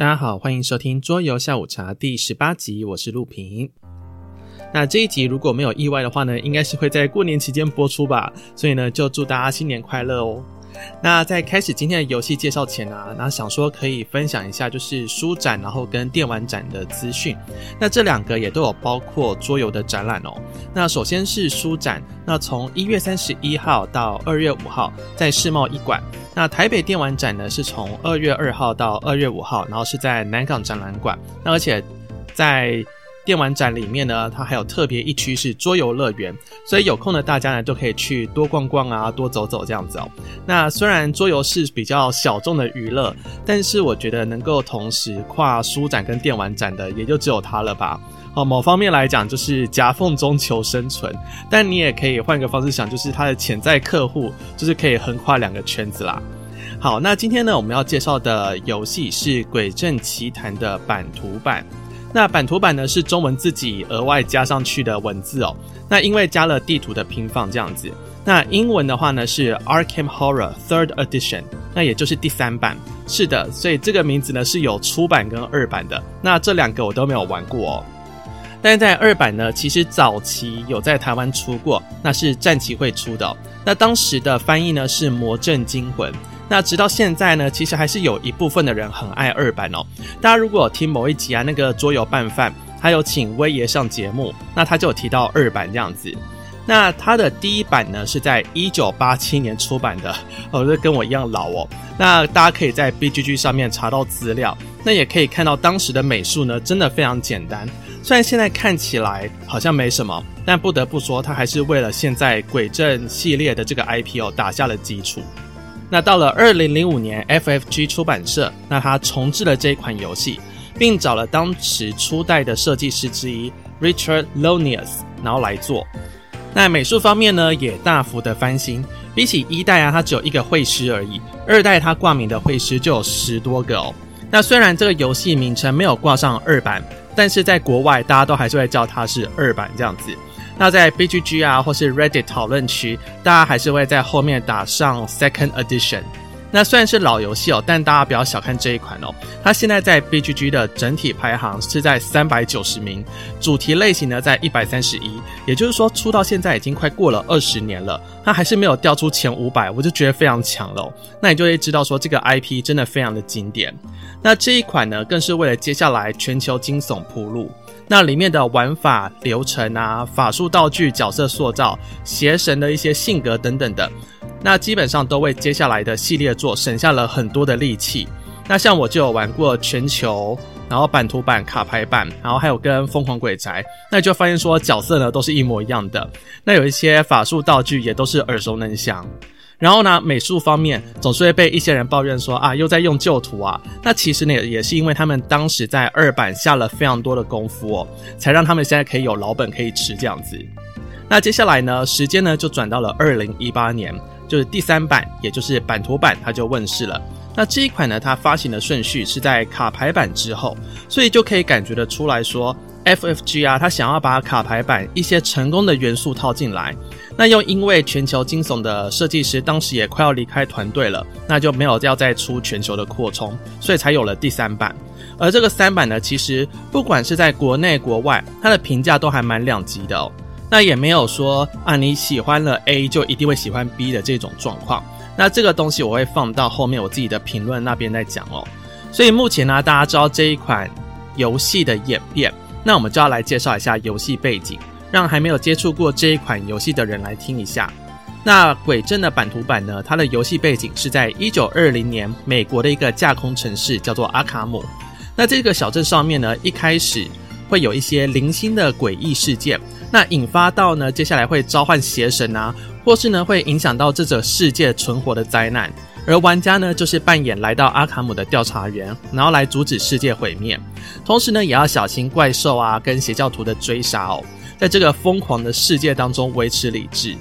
大家好，歡迎收聽桌遊下午茶第十八集，我是陸平。那這一集如果沒有意外的話呢，應該是會在過年期間播出吧，所以呢，就祝大家新年快樂哦。那在開始今天的遊戲介紹前啊，那想說可以分享一下，就是書展，然後跟電玩展的資訊。那這兩個也都有包括桌遊的展覽哦。那首先是書展，那從一月三十一號到二月五號在世貿一館。那台北電玩展呢，是從二月二號到二月五號，然後是在南港展覽館。那而且在。電玩展裡面呢，它還有特別一區是桌遊樂園，所以有空的大家呢都可以去多逛逛啊，多走走這樣子哦、喔。那雖然桌遊是比較小眾的娛樂，但是我覺得能夠同時跨書展跟電玩展的，也就只有它了吧。哦，某方面來講就是夾縫中求生存，但你也可以換個方式想，就是它的潛在客戶就是可以橫跨兩個圈子啦。好，那今天呢我們要介紹的遊戲是《詭鎮奇談》的版圖版。那版圖版呢是中文自己額外加上去的文字哦，那因為加了地圖的拼放這樣子。那英文的話呢是 Arkham Horror Third Edition，那也就是第三版。是的，所以這個名字呢是有初版跟二版的。那這兩個我都沒有玩過哦。但是在二版呢，其實早期有在台灣出過，那是戰棋會出的哦。那當時的翻譯呢是魔鎮驚魂。那直到現在呢，其實還是有一部分的人很愛二版哦。大家如果有聽某一集啊，那個桌遊拌飯還有請威爺上節目，那他就提到二版這樣子。那他的第一版呢，是在一九八七年出版的，哦，就跟我一樣老哦。那大家可以在 B G G 上面查到資料，那也可以看到當時的美術呢，真的非常簡單。雖然現在看起來好像沒什麼，但不得不說，他還是為了現在詭鎮系列的這個 I P 哦打下了基礎。那到了二零零五年，FFG 出版社那他重置了這一款遊戲，並找了當時初代的設計師之一 Richard Lonius，然後來做。那美術方面呢，也大幅的翻新。比起一代啊，它只有一個繪師而已；二代它掛名的繪師就有十多個哦。那雖然這個遊戲名稱沒有掛上二版，但是在國外大家都還是會叫它是二版這樣子。那在 BGG 啊，或是 Reddit 討論區，大家還是會在後面打上 Second Edition。那雖然是老遊戲哦，但大家不要小看這一款哦、喔。它現在在 BGG 的整體排行是在三百九十名，主題類型呢在一百三十一。也就是說，出到現在已經快過了二十年了，它還是沒有掉出前五百，我就覺得非常強了、喔。那你就會知道說，這個 IP 真的非常的經典。那這一款呢，更是為了接下來全球驚悚鋪路。那裡面的玩法流程啊，法術道具、角色塑造、邪神的一些性格等等的，那基本上都為接下來的系列作省下了很多的力氣。那像我就有玩過全球，然後版圖版、卡牌版，然後還有跟瘋狂詭宅，那你就發現說角色呢都是一模一樣的，那有一些法術道具也都是耳熟能詳。然後呢，美術方面總是會被一些人抱怨說啊，又在用舊圖啊。那其實呢，也是因為他們當時在二版下了非常多的功夫哦，才讓他們現在可以有老本可以吃這樣子。那接下來呢，時間呢就轉到了二零一八年，就是第三版，也就是版圖版，它就問世了。那這一款呢，它發行的順序是在卡牌版之後，所以就可以感覺得出來說。FFG 啊，他想要把卡牌版一些成功的元素套進來，那又因為全球驚悚的設計師當時也快要離開團隊了，那就沒有要再出全球的擴充，所以才有了第三版。而這個三版呢，其實不管是在國內國外，它的評價都還蠻兩極的哦，那也沒有說啊你喜歡了 A 就一定會喜歡 B 的這種狀況。那這個東西我會放到後面我自己的評論那邊再講哦。所以目前呢，啊，大家知道這一款遊戲的演變。那我們就要來介紹一下遊戲背景，讓還沒有接觸過這一款遊戲的人來聽一下。那《詭鎮》的版圖版呢，它的遊戲背景是在一九二零年美國的一個架空城市，叫做阿卡姆。那這個小鎮上面呢，一開始會有一些零星的詭異事件，那引發到呢，接下來會召喚邪神啊，或是呢，會影響到這個世界存活的災難。而玩家呢，就是扮演來到阿卡姆的調查員，然後來阻止世界毀滅，同時呢，也要小心怪獸啊跟邪教徒的追殺哦，在這個瘋狂的世界當中維持理智。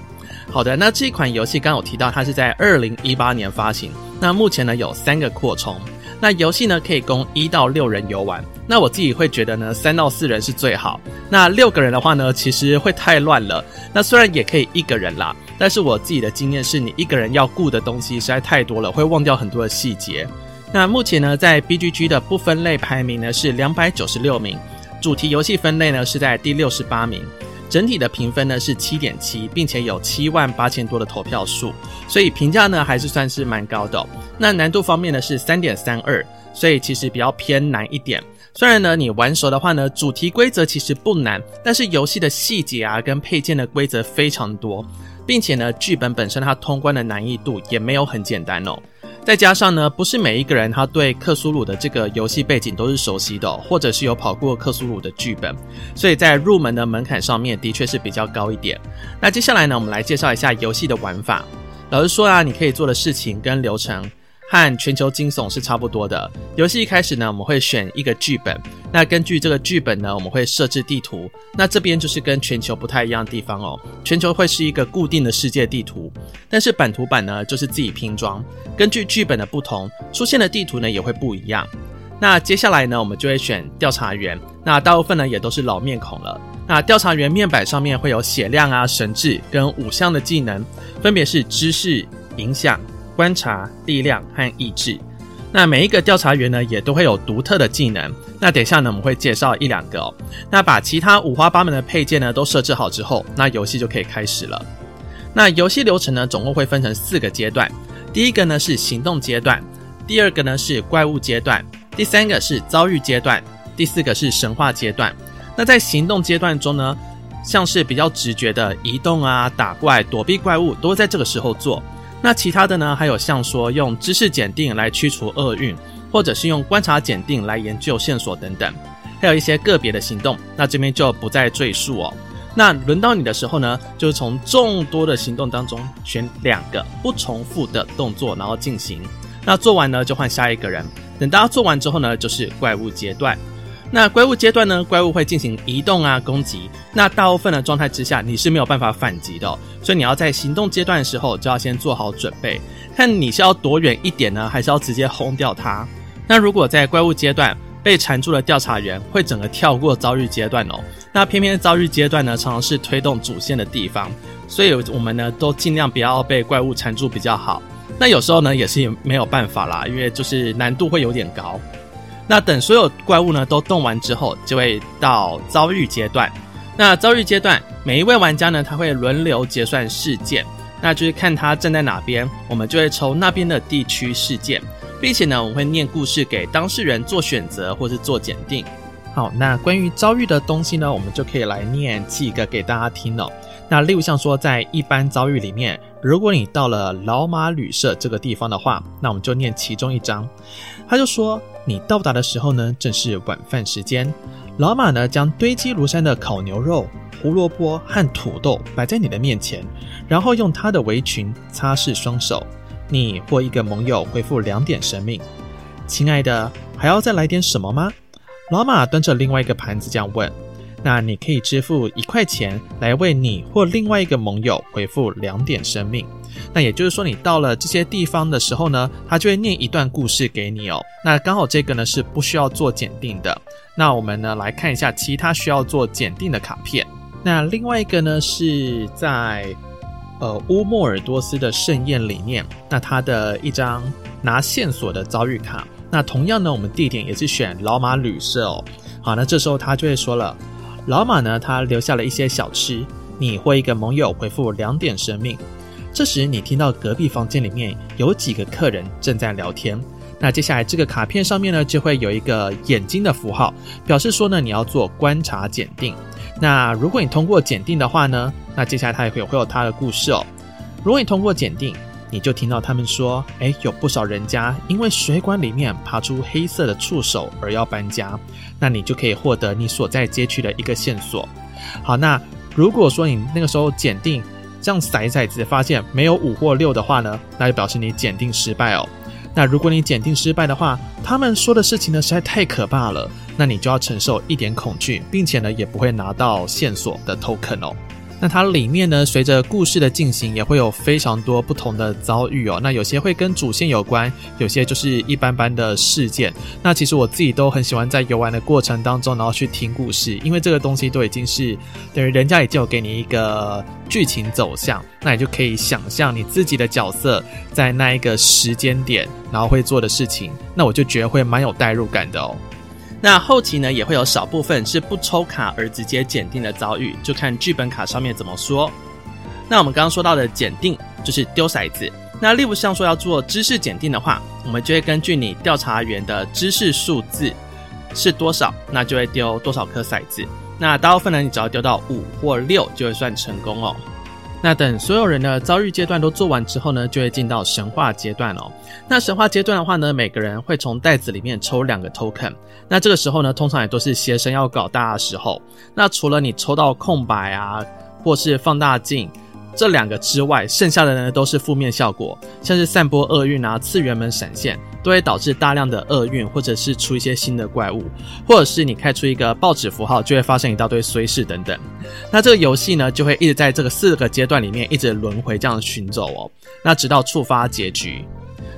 好的，那這款遊戲剛剛有提到，它是在二零一八年發行，那目前呢有三個擴充，那遊戲呢可以供一到六人遊玩。那我自己會覺得呢，三到四人是最好。那六個人的話呢，其實會太亂了。那雖然也可以一個人啦，但是我自己的經驗是，你一個人要顧的東西實在太多了，會忘掉很多的細節。那目前呢，在 BGG 的不分類排名呢是兩百九十六名，主題遊戲分類呢是在第六十八名，整體的評分呢是七點七，並且有七萬八千多的投票數，所以評價呢還是算是蠻高的哦。那難度方面呢是三點三二，所以其實比較偏難一點。雖然呢，你玩熟的話呢，主題規則其實不難，但是遊戲的細節啊，跟配件的規則非常多，並且呢，劇本本身它通關的難易度也沒有很簡單哦。再加上呢，不是每一個人他對克蘇魯的這個遊戲背景都是熟悉的哦，或者是有跑過克蘇魯的劇本，所以在入門的門檻上面的確是比較高一點。那接下來呢，我們來介紹一下遊戲的玩法，老實說啊，你可以做的事情跟流程。和全球驚悚是差不多的。遊戲一開始呢，我們會選一個劇本。那根據這個劇本呢，我們會設置地圖。那這邊就是跟全球不太一樣的地方哦。全球會是一個固定的世界地圖，但是版圖版呢，就是自己拼裝。根據劇本的不同，出現的地圖呢也會不一樣。那接下來呢，我們就會選調查員。那大部分呢也都是老面孔了。那調查員面板上面會有血量啊、神智跟五項的技能，分別是知識、影響。觀察力量和意志，那每一個調查員呢，也都會有獨特的技能。那等一下呢，我們會介紹一兩個哦。那把其他五花八門的配件呢，都設置好之後，那遊戲就可以開始了。那遊戲流程呢，總共會分成四個階段。第一個呢是行動階段，第二個呢是怪物階段，第三個是遭遇階段，第四個是神話階段。那在行動階段中呢，像是比較直覺的移動啊、打怪、躲避怪物，都在這個時候做。那其他的呢？還有像說用知識檢定來驅除厄運，或者是用觀察檢定來研究線索等等。還有一些個別的行動，那這邊就不再贅述哦。那輪到你的時候呢，就是從眾多的行動當中選兩個不重複的動作，然後進行。那做完呢，就換下一個人。等大家做完之後呢，就是怪物階段。那怪物階段呢？怪物會進行移動啊，攻擊。那大部分的狀態之下，你是沒有辦法反擊的哦，所以你要在行動階段的時候，就要先做好準備，看你是要躲遠一點呢，還是要直接轟掉它。那如果在怪物階段被纏住了，調查員會整個跳過遭遇階段哦。那偏偏遭遇階段呢，常常是推動主線的地方，所以我們呢，都儘量不要被怪物纏住比較好。那有時候呢，也是沒有辦法啦，因為就是難度會有點高。那等所有怪物呢都動完之後，就會到遭遇階段。那遭遇階段，每一位玩家呢，他會輪流結算事件，那就是看他站在哪邊，我們就會抽那邊的地區事件，並且呢，我們會念故事給當事人做選擇或是做檢定。好，那關於遭遇的東西呢，我們就可以來念幾個給大家聽囉。那例如像說，在一般遭遇裡面，如果你到了老馬旅社這個地方的話，那我們就念其中一張，他就說。你到達的時候呢，正是晚飯時間。老馬呢，將堆積如山的烤牛肉、胡蘿蔔和土豆擺在你的面前，然後用他的圍裙擦拭雙手。你或一個盟友恢復兩點生命。親愛的，還要再來點什麼嗎？老馬端着另外一個盤子這樣問。那你可以支付一塊錢來為你或另外一個盟友恢復兩點生命。那也就是說，你到了這些地方的時候呢，他就會念一段故事給你哦。那剛好這個呢是不需要做檢定的。那我們呢來看一下其他需要做檢定的卡片。那另外一個呢是在呃烏莫爾多斯的盛宴裡面，那他的一張拿線索的遭遇卡。那同樣呢，我們地點也是選老馬旅社哦。好，那這時候他就會說了，老馬呢他留下了一些小吃，你或一個盟友回復兩點生命。這時，你聽到隔壁房間裡面有幾個客人正在聊天。那接下來，這個卡片上面呢，就會有一個眼睛的符號，表示說呢，你要做觀察檢定。那如果你通過檢定的話呢，那接下來它也會會有它的故事哦。如果你通過檢定，你就聽到他們說：“哎，有不少人家因為水管裡面爬出黑色的觸手而要搬家。”那你就可以獲得你所在街區的一個線索。好，那如果說你那個時候檢定，這樣骰骰子，發現沒有五或六的話呢，那就表示你檢定失敗哦。那如果你檢定失敗的話，他們說的事情呢實在太可怕了，那你就要承受一點恐懼，並且呢也不會拿到線索的 token 哦。那它裡面呢，隨着故事的進行，也會有非常多不同的遭遇哦。那有些會跟主線有關，有些就是一般般的事件。那其實我自己都很喜歡在遊玩的過程當中，然後去聽故事，因為這個東西都已經是等於人家已經有給你一個劇情走向，那你就可以想象你自己的角色在那一個時間點，然後會做的事情。那我就覺得會蠻有代入感的哦。那後期呢，也會有少部分是不抽卡而直接檢定的遭遇，就看劇本卡上面怎麼說。那我們剛剛說到的檢定就是丟骰子。那例如像說要做知識檢定的話，我們就會根據你調查員的知識數字是多少，那就會丟多少顆骰子。那大部分呢，你只要丟到五或六就會算成功哦。那等所有人的遭遇階段都做完之後呢，就會進到神話階段哦。那神話階段的話呢，每個人會從袋子裡面抽兩個 token。那這個時候呢，通常也都是邪神要搞大的時候。那除了你抽到空白啊，或是放大鏡。這兩個之外，剩下的呢都是負面效果，像是散播厄運啊，次元門閃現都會導致大量的厄運，或者是出一些新的怪物，或者是你開出一個報紙符號就會發生一大堆衰事等等。那這個遊戲呢，就會一直在這個四個階段裡面一直輪回這樣尋走哦，那直到觸發結局。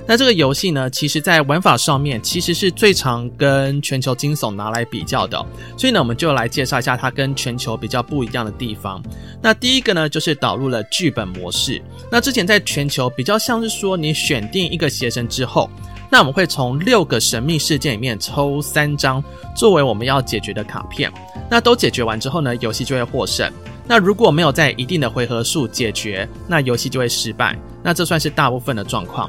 那這個遊戲呢，其實在玩法上面，其實是最常跟全球驚悚拿來比較的喔。所以呢，我們就來介紹一下它跟全球比較不一樣的地方。那第一個呢，就是導入了劇本模式。那之前在全球比較像是說，你選定一個邪神之後，那我們會從六個神秘事件裡面抽三張作為我們要解決的卡片。那都解決完之後呢，遊戲就會獲勝。那如果沒有在一定的回合數解決，那遊戲就會失敗。那這算是大部分的狀況。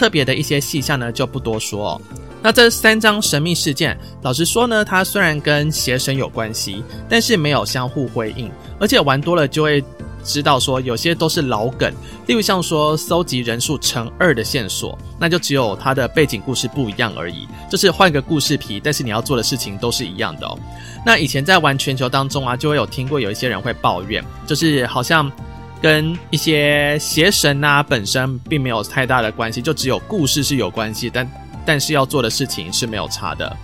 特別的一些細項呢，就不多說哦。那這三張神秘事件，老實說呢，它雖然跟邪神有關係，但是沒有相互輝映。而且玩多了就會知道，說有些都是老梗，例如像說蒐集人數乘二的線索，那就只有它的背景故事不一樣而已，就是換個故事皮，但是你要做的事情都是一樣的哦。那以前在玩全球當中啊，就會有聽過有一些人會抱怨，就是好像。跟一些邪神啊本身並沒有太大的關係，就只有故事是有關係，但但是要做的事情是沒有差的。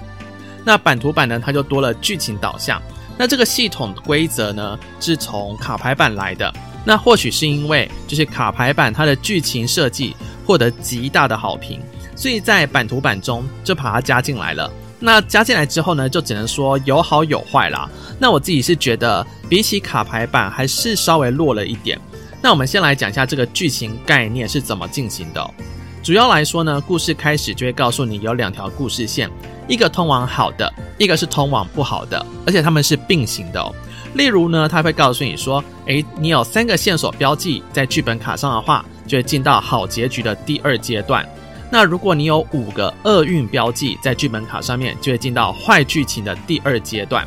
那版圖版呢，它就多了劇情導向。那這個系統規則呢，是從卡牌版來的。那或許是因為就是卡牌版它的劇情設計獲得極大的好評，所以在版圖版中就把它加進來了。那加進來之後呢，就只能說有好有壞啦，那我自己是覺得比起卡牌版還是稍微弱了一點。那我們先來講一下這個劇情概念是怎麼進行的哦。主要來說呢，故事開始就會告訴你有兩條故事線，一個通往好的，一個是通往不好的，而且他們是並行的哦。例如呢，他會告訴你說，誒，你有三個線索標記在劇本卡上的話，就會進到好結局的第二階段。那如果你有五個厄運標記在劇本卡上面，就會進到壞劇情的第二階段，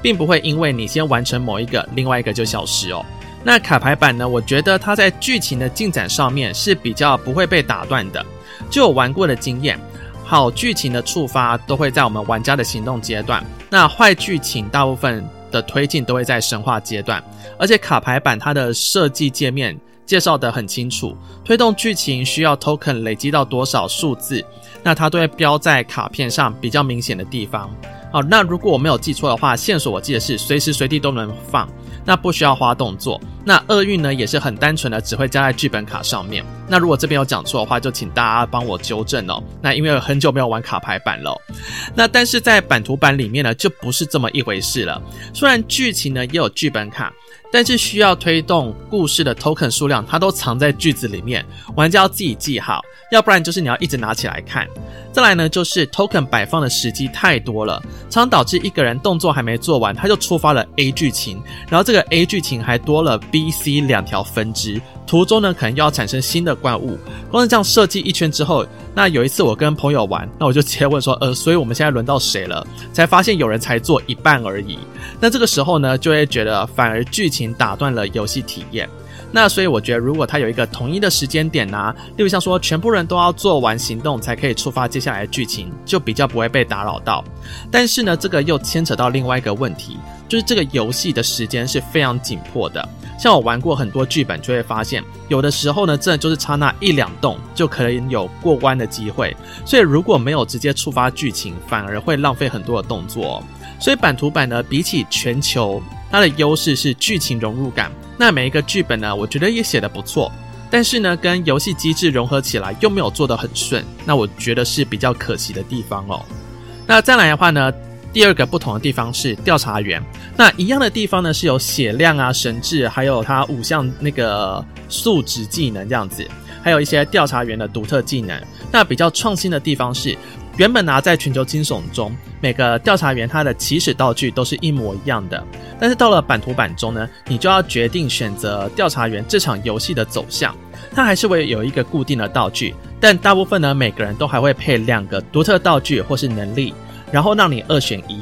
並不會因為你先完成某一個，另外一個就消失哦。那卡牌版呢？我覺得它在劇情的進展上面是比較不會被打斷的，就有玩過的經驗。好劇情的觸發都會在我們玩家的行動階段，那壞劇情大部分的推進都會在神話階段。而且卡牌版它的設計界面介紹得很清楚，推動劇情需要 token 累積到多少數字，那它都會標在卡片上比較明顯的地方。好、哦，那如果我沒有記錯的話，線索我記得是隨時隨地都能放，那不需要花動作。那厄運呢也是很單純的，只會加在劇本卡上面。那如果這邊有講錯的話，就請大家幫我糾正哦。那因為很久沒有玩卡牌版了、哦，那但是在版圖版裡面呢就不是這麼一回事了。雖然劇情呢也有劇本卡。但是需要推動故事的 token 數量，它都藏在句子裡面，玩家要自己記好，要不然就是你要一直拿起來看。再來呢，就是 token 擺放的時機太多了，常導致一個人動作還沒做完，他就觸發了 A 劇情，然後這個 A 劇情還多了 B、C 兩條分支。途中呢，可能又要產生新的怪物。光是這樣設計一圈之後，那有一次我跟朋友玩，那我就直接問說：“呃，所以我們現在輪到誰了？”才發現有人才做一半而已。那這個時候呢，就會覺得反而劇情打斷了遊戲體驗。那所以我覺得，如果它有一個統一的時間點呢，啊，例如像說，全部人都要做完行動，才可以觸發接下來的劇情，就比較不會被打擾到。但是呢，這個又牽扯到另外一個問題，就是這個遊戲的時間是非常緊迫的。像我玩過很多劇本，就會發現，有的時候呢，真的就是差那一兩動，就可能有過關的機會。所以如果沒有直接觸發劇情，反而會浪費很多的動作哦。所以版圖版呢，比起全球，它的優勢是劇情融入感。那每一個劇本呢，我覺得也寫的不錯，但是呢，跟遊戲機制融合起來又沒有做得很順，那我覺得是比較可惜的地方哦。那再來的話呢，第二個不同的地方是調查員。那一樣的地方呢，是有血量啊、神智，還有他五項那個素質技能這樣子，還有一些調查員的獨特技能。那比較創新的地方是。原本呢、啊，在全球驚悚中，每個調查員他的起始道具都是一模一樣的。但是到了版圖版中呢，你就要決定選擇調查員這場遊戲的走向。他還是會有一個固定的道具，但大部分呢，每個人都還會配兩個獨特道具或是能力，然後讓你二選一。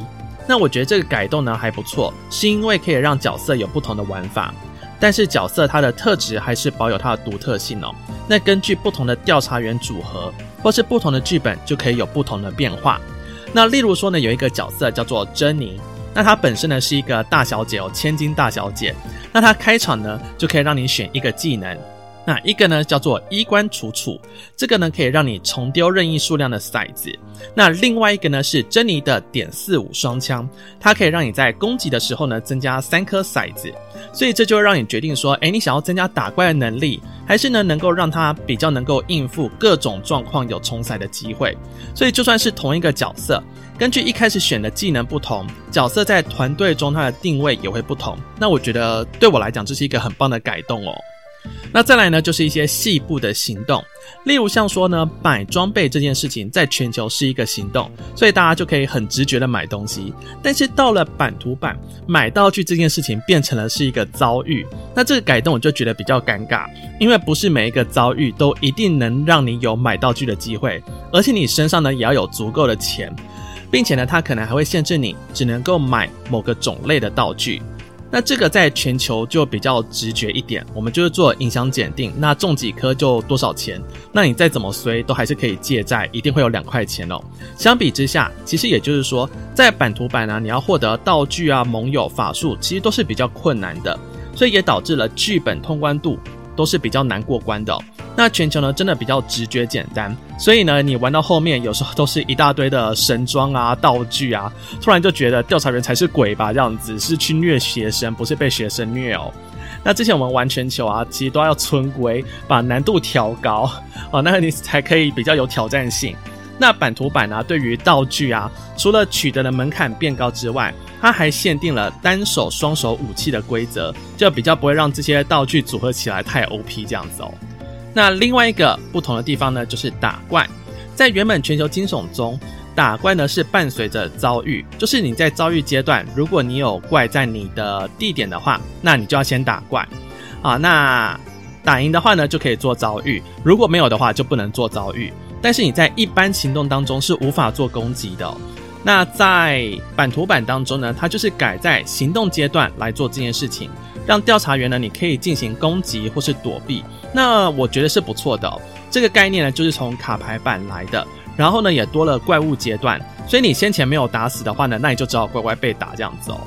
那我覺得這個改動呢還不錯，是因為可以讓角色有不同的玩法。但是角色它的特質還是保有它的獨特性哦。那根據不同的調查員組合或是不同的劇本，就可以有不同的變化。那例如說呢，有一個角色叫做珍妮，那她本身呢是一個大小姐哦，千金大小姐。那她開場呢就可以讓你選一個技能。那一個呢叫做衣冠楚楚，這個呢可以讓你重丟任意數量的骰子。那另外一個呢是珍妮的點四五雙槍，它可以讓你在攻擊的時候呢增加三顆骰子。所以這就會讓你決定說，誒、欸，你想要增加打怪的能力，還是呢能夠讓它比較能夠應付各種狀況有重骰的機會。所以就算是同一個角色，根據一開始選的技能不同，角色在團隊中它的定位也會不同。那我覺得對我來講這是一個很棒的改動哦。那再來呢，就是一些細部的行動，例如像說呢，買裝備這件事情，在全球是一個行動，所以大家就可以很直覺的買東西。但是到了版圖版，買道具這件事情變成了是一個遭遇，那這個改動我就覺得比較尷尬，因為不是每一個遭遇都一定能讓你有買道具的機會，而且你身上呢也要有足夠的錢，並且呢，它可能還會限制你只能夠買某個種類的道具。那這個在全球就比較直覺一點，我們就是做影響檢定，那種幾顆就多少錢，那你再怎麼隨都還是可以借債，一定會有兩塊錢哦。相比之下，其實也就是說，在版圖版呢、啊，你要獲得道具啊、盟友、法術，其實都是比較困難的，所以也導致了劇本通關度。都是比較難過關的哦。那全球呢，真的比較直覺簡單，所以呢，你玩到後面有時候都是一大堆的神裝啊、道具啊，突然就覺得調查員才是鬼吧，這樣子是去虐學生，不是被學生虐哦。那之前我們玩全球啊，其實都要村規把難度調高哦，那你才可以比較有挑戰性。那版圖版呢，啊，對於道具啊，除了取得的門檻變高之外，它還限定了單手、雙手武器的規則，就比較不會讓這些道具組合起來太 OP 這樣子哦。那另外一個不同的地方呢，就是打怪。在原本全球驚悚中，打怪呢是伴隨着遭遇，就是你在遭遇階段，如果你有怪在你的地點的話，那你就要先打怪啊。那打贏的話呢，就可以做遭遇；如果沒有的話，就不能做遭遇。但是你在一般行動當中是無法做攻擊的哦，那在版圖版當中呢，它就是改在行動階段來做這件事情，讓調查員呢，你可以進行攻擊或是躲避。那我覺得是不錯的哦，這個概念呢就是從卡牌版來的，然後呢也多了怪物階段，所以你先前沒有打死的話呢，那你就只好乖乖被打這樣子哦。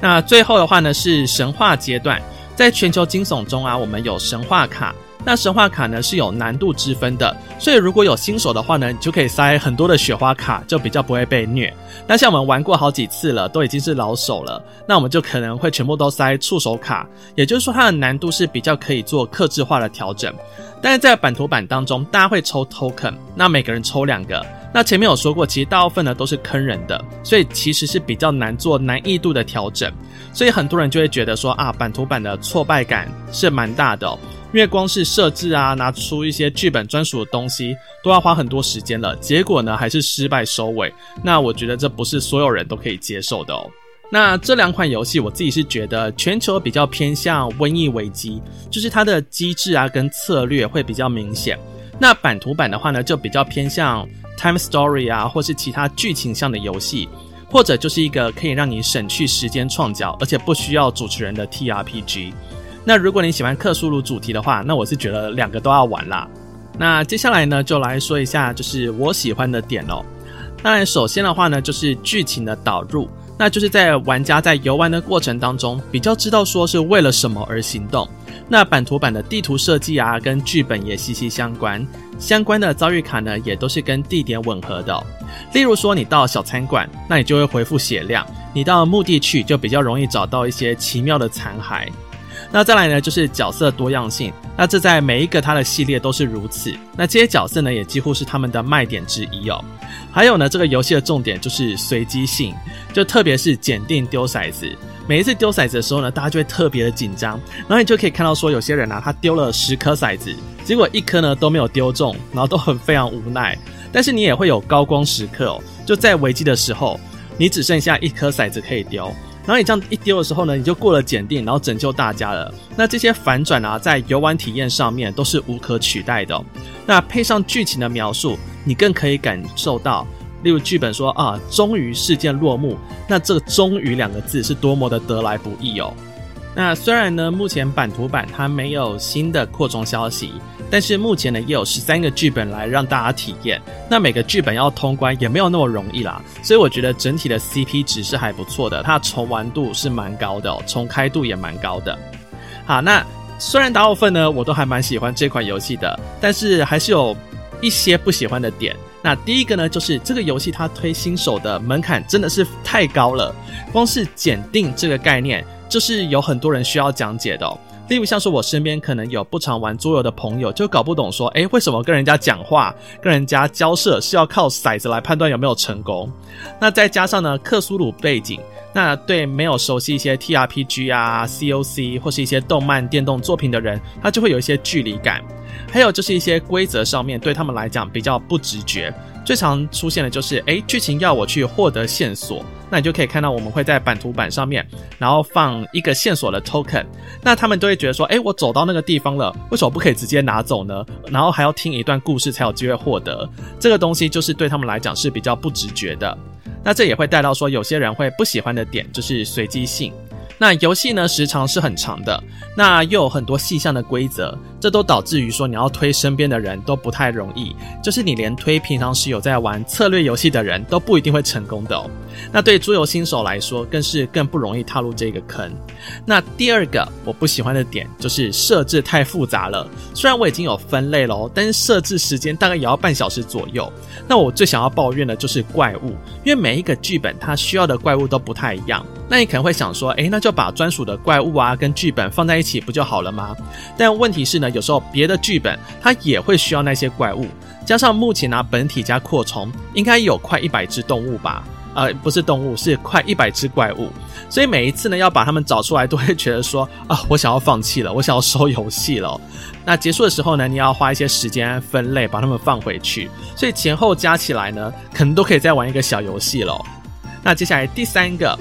那最後的話呢是神話階段，在全球驚悚中啊，我們有神話卡。那神話卡呢是有難度之分的，所以如果有新手的話呢，你就可以塞很多的雪花卡，就比較不會被虐。那像我們玩過好幾次了，都已經是老手了，那我們就可能會全部都塞觸手卡，也就是說它的難度是比較可以做客製化的調整。但是在版圖版當中，大家會抽 token，那每個人抽兩個。那前面有說過，其實大、大部分呢都是坑人的，所以其實是比較難做難易度的調整。所以很多人就會覺得說啊，版圖版的挫敗感是蠻大的哦。因為光是設置啊，拿出一些劇本專屬的東西，都要花很多時間了。結果呢，還是失敗收尾。那我覺得這不是所有人都可以接受的哦。那這兩款遊戲，我自己是覺得全球比較偏向《瘟疫危機》，就是它的機制啊跟策略會比較明顯。那版圖版的話呢，就比較偏向 Time Story 啊，或是其他劇情向的遊戲，或者就是一個可以讓你省去時間創角，而且不需要主持人的 TRPG。那如果你喜歡克蘇魯主題的話，那我是覺得兩個都要玩啦。那接下來呢，就來說一下就是我喜歡的點哦、喔。當然，首先的話呢，就是劇情的導入，那就是在玩家在遊玩的過程當中，比較知道說是為了什麼而行動。那版圖版的地圖設計啊，跟劇本也息息相關，相關的遭遇卡呢，也都是跟地點吻合的，喔。例如說，你到小餐館，那你就會回復血量；你到墓地去，就比較容易找到一些奇妙的殘骸。那再來呢，就是角色多樣性。那這在每一個它的系列都是如此。那這些角色呢，也幾乎是他們的賣點之一哦。還有呢，這個遊戲的重點就是隨機性，就特別是檢定丟骰子。每一次丟骰子的時候呢，大家就會特別的緊張。然後你就可以看到說，有些人啊，他丟了十顆骰子，結果一顆呢都沒有丟中，然後都很非常無奈。但是你也會有高光時刻哦，就在危機的時候，你只剩下一顆骰子可以丟。然後你這樣一丟的時候呢，你就過了檢定，然後拯救大家了。那這些反轉啊，在遊玩體驗上面都是無可取代的哦。那配上劇情的描述，你更可以感受到，例如劇本說啊，終於事件落幕，那這個“終於”兩個字是多麼的得來不易哦。那雖然呢，目前版圖版它沒有新的擴充消息。但是目前呢，也有十三個劇本來讓大家體驗。那每個劇本要通關也沒有那麼容易啦，所以我覺得整體的 CP 值是還不錯的，它的重玩度是蠻高的哦，重開度也蠻高的。好，那雖然大部分呢我都還蠻喜歡這款遊戲的，但是還是有一些不喜歡的點。那第一個呢，就是這個遊戲它推新手的門檻真的是太高了，光是檢定這個概念就是有很多人需要講解的哦。例如，像是我身邊可能有不常玩桌遊的朋友，就搞不懂說，誒、欸，為什麼跟人家講話、跟人家交涉是要靠骰子來判斷有沒有成功？那再加上呢，克蘇魯背景，那對沒有熟悉一些 TRPG 啊、COC 或是一些動漫、電動作品的人，他就會有一些距離感。還有就是一些規則上面，對他們來講比較不直覺。最常出現的就是，誒、欸、劇情要我去獲得線索，那你就可以看到我們會在版圖板上面，然後放一個線索的 token。那他們都會覺得說，誒、欸、我走到那個地方了，為什麼不可以直接拿走呢？然後還要聽一段故事才有機會獲得這個東西，就是對他們來講是比較不直覺的。那這也會帶到說，有些人會不喜歡的點就是隨機性。那遊戲呢時長是很長的，那又有很多細項的規則，這都導致於說你要推身邊的人都不太容易，就是你連推平常是有在玩策略遊戲的人都不一定會成功的哦。那對桌遊新手來說，更是更不容易踏入這個坑。那第二個我不喜歡的點就是設置太複雜了，雖然我已經有分類嘍，但是設置時間大概也要半小時左右。那我最想要抱怨的就是怪物，因為每一個劇本它需要的怪物都不太一樣。那你可能會想說，誒、欸，那。就把專屬的怪物啊跟劇本放在一起不就好了嗎？但問題是呢，有時候別的劇本它也會需要那些怪物，加上目前拿、啊、本體加擴充，應該有快一百隻動物吧？呃，不是動物，是快一百隻怪物。所以每一次呢，要把它們找出來，都會覺得說啊、呃，我想要放棄了，我想要收遊戲了。那結束的時候呢，你要花一些時間分類，把它們放回去。所以前後加起來呢，可能都可以再玩一個小遊戲了。那接下來第三個。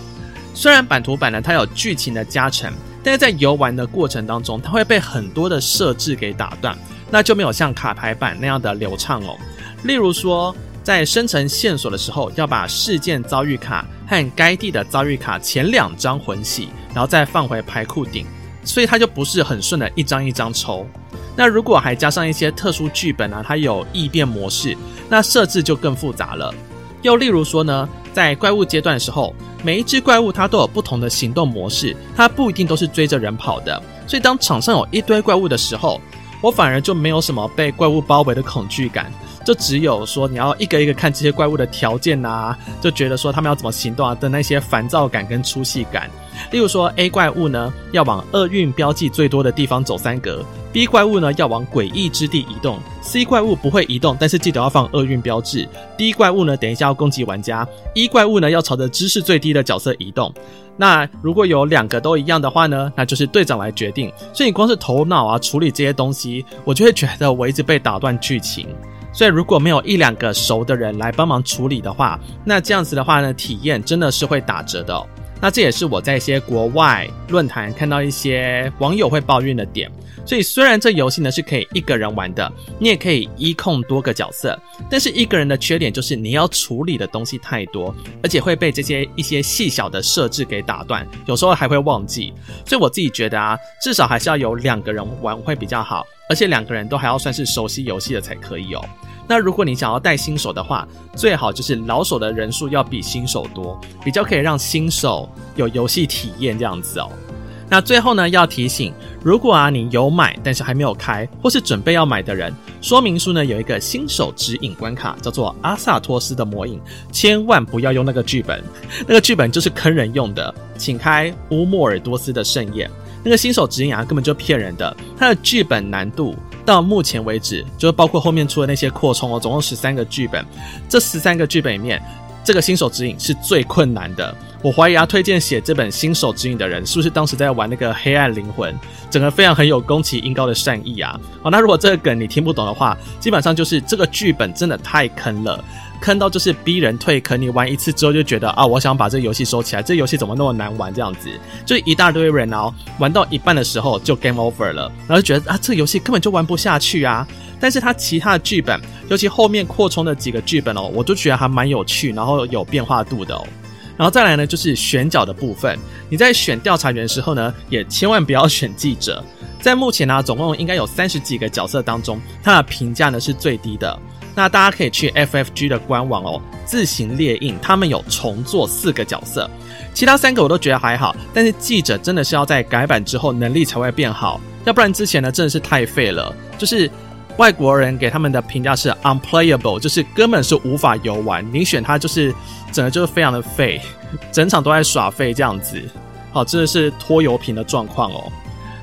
雖然版圖版呢，它有劇情的加成，但是在遊玩的過程當中，它會被很多的設置給打斷，那就沒有像卡牌版那樣的流暢哦。例如說，在生成線索的時候，要把事件遭遇卡和該地的遭遇卡前兩張混洗，然後再放回牌庫頂，所以它就不是很順的一張一張抽。那如果還加上一些特殊劇本啊，它有異變模式，那設置就更複雜了。又例如說呢，在怪物階段的時候，每一隻怪物它都有不同的行動模式，它不一定都是追着人跑的。所以當場上有一堆怪物的時候，我反而就沒有什麼被怪物包圍的恐懼感。就只有說你要一個一個看這些怪物的條件吶、啊，就覺得說他們要怎麼行動、啊、的那些煩躁感跟出戲感。例如說 A 怪物呢要往厄運標記最多的地方走三格，B 怪物呢要往詭異之地移動，C 怪物不會移動，但是記得要放厄運標誌。D 怪物呢等一下要攻擊玩家，E 怪物呢要朝着知識最低的角色移動。那如果有兩個都一樣的話呢，那就是隊長來決定。所以你光是頭腦啊處理這些東西，我就會覺得我一直被打斷劇情。所以如果沒有一兩個熟的人來幫忙處理的話，那這樣子的話呢，體驗真的是會打折的哦。那這也是我在一些國外論壇看到一些網友會抱怨的點，所以雖然這遊戲呢是可以一個人玩的，你也可以一控多個角色，但是一個人的缺點就是你要處理的東西太多，而且會被這些一些細小的設置給打斷，有時候還會忘記。所以我自己覺得啊，至少還是要有兩個人玩會比較好，而且兩個人都還要算是熟悉遊戲的才可以哦。那如果你想要帶新手的話，最好就是老手的人數要比新手多，比較可以讓新手有遊戲體驗這樣子哦。那最後呢，要提醒，如果啊你有買但是還沒有開，或是準備要買的人，說明書呢有一個新手指引關卡叫做阿薩托斯的魔影，千萬不要用那個劇本，那個劇本就是坑人用的，請開烏莫爾多斯的盛宴。那個新手指引啊根本就騙人的，它的劇本難度。到目前為止，就包括後面出的那些擴充哦，總共十三個劇本。這十三個劇本裡面，這個新手指引是最困難的。我懷疑啊，推薦寫這本新手指引的人是不是當時在玩那個黑暗靈魂，整個非常很有宮崎英高的善意啊。好、哦，那如果這個梗你聽不懂的話，基本上就是這個劇本真的太坑了。坑到就是逼人退坑，你玩一次之後就覺得啊，我想把這個遊戲收起來，這遊戲怎麼那麼難玩這樣子？就一大堆人哦，玩到一半的時候就 game over 了，然後就覺得啊，這遊戲根本就玩不下去啊。但是他其他的劇本，尤其後面擴充的幾個劇本哦，我就覺得還蠻有趣，然後有變化度的哦。然後再來呢，就是選角的部分，你在選調查員的時候呢，也千萬不要選記者。在目前呢，總共應該有三十幾個角色當中，他的評價呢是最低的。那大家可以去 FFG 的官網哦，自行列印。他們有重做四個角色，其他三個我都覺得還好。但是記者真的是要在改版之後能力才會變好，要不然之前呢真的是太廢了。就是外國人給他們的評價是 unplayable，就是根本是無法遊玩。你選他就是整個就是非常的廢，整場都在耍廢這樣子。好，這個是拖油瓶的狀況哦。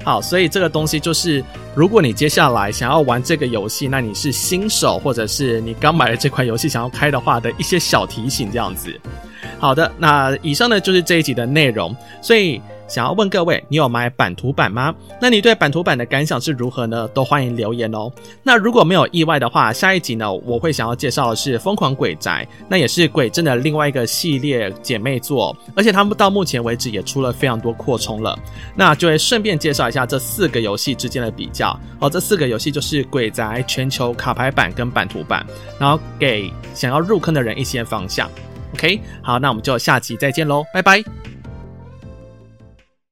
好，所以這個東西就是，如果你接下來想要玩這個遊戲，那你是新手或者是你剛買了這款遊戲想要開的話的一些小提醒這樣子。好的，那以上呢就是這一集的內容，所以。想要問各位，你有買版圖版嗎？那你對版圖版的感想是如何呢？都歡迎留言哦。那如果沒有意外的話，下一集呢，我會想要介紹的是《瘋狂鬼宅》，那也是詭鎮的另外一個系列姐妹作。而且他們到目前為止也出了非常多擴充了。那就會順便介紹一下這四個遊戲之間的比較哦。這四個遊戲就是《鬼宅全球卡牌版》跟版圖版，然後給想要入坑的人一些方向。OK，好，那我們就下集再見嘍，拜拜。